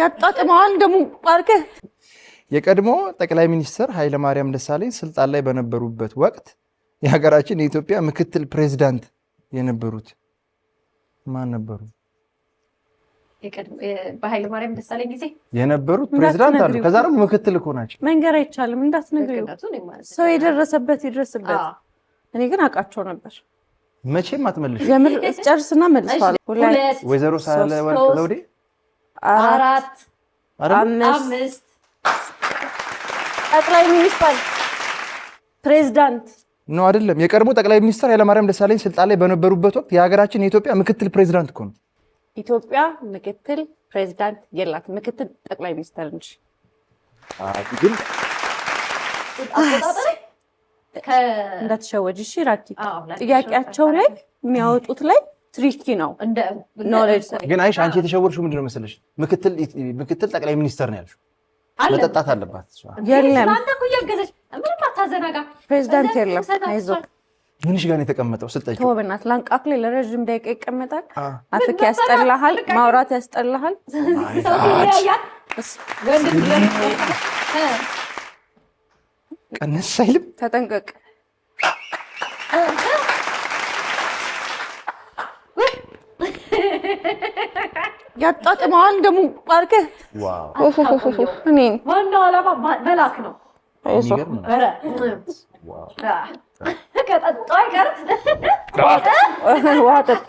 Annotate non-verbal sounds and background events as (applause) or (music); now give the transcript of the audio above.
ያጣጥመዋል ደግሞ አድርገህ የቀድሞ ጠቅላይ ሚኒስትር ኃይለማርያም ደሳለኝ ስልጣን ላይ በነበሩበት ወቅት የሀገራችን የኢትዮጵያ ምክትል ፕሬዚዳንት የነበሩት ማን ነበሩ? በኃይለማርያም ደሳለኝ ጊዜ የነበሩት ፕሬዚዳንት አሉ። ከዛ ደግሞ ምክትል እኮ ናቸው። መንገር አይቻልም። እንዳትነግሪው ሰው የደረሰበት ይድረስበት። እኔ ግን አውቃቸው ነበር። መቼም አትመልሽ። የምር ጨርስና መልሰዋል። ወይዘሮ ሳህለወርቅ ዘውዴ አራት አምስት ጠቅላይ ሚኒስትር ፕሬዝዳንት ነው አይደለም። የቀድሞ ጠቅላይ ሚኒስትር ኃይለማርያም ደሳለኝ ስልጣን ላይ በነበሩበት ወቅት የሀገራችን የኢትዮጵያ ምክትል ፕሬዝዳንት እኮ ነው። ኢትዮጵያ ምክትል ፕሬዝዳንት የላት ምክትል ጠቅላይ ሚኒስትር እንጂ እንዳትሸወጅ። እሺ ራኪ ጥያቄያቸው ላይ የሚያወጡት ላይ ትሪኪ ነው። ግን አይሽ አንቺ የተሸወርሽው ምንድን ነው መሰለሽ? ምክትል ጠቅላይ ሚኒስተር ነው ያልሽው። መጠጣት አለባት። የለም ፕሬዚዳንት የለም። አይዞ ምንሽ ጋር የተቀመጠው ስጠኝ። ተወው ላንቃክሌ ለረዥም ደቂቃ ይቀመጣል። አፍክ ያስጠላሃል፣ ማውራት ያስጠላሃል። (laughs) ቀነስ አይልም። ተጠንቀቅ ያጣጥመዋል። ደግሞ አድርገህ እኔን ዋናው ዓላማ መላክ ነው። ውሃ ጠጣ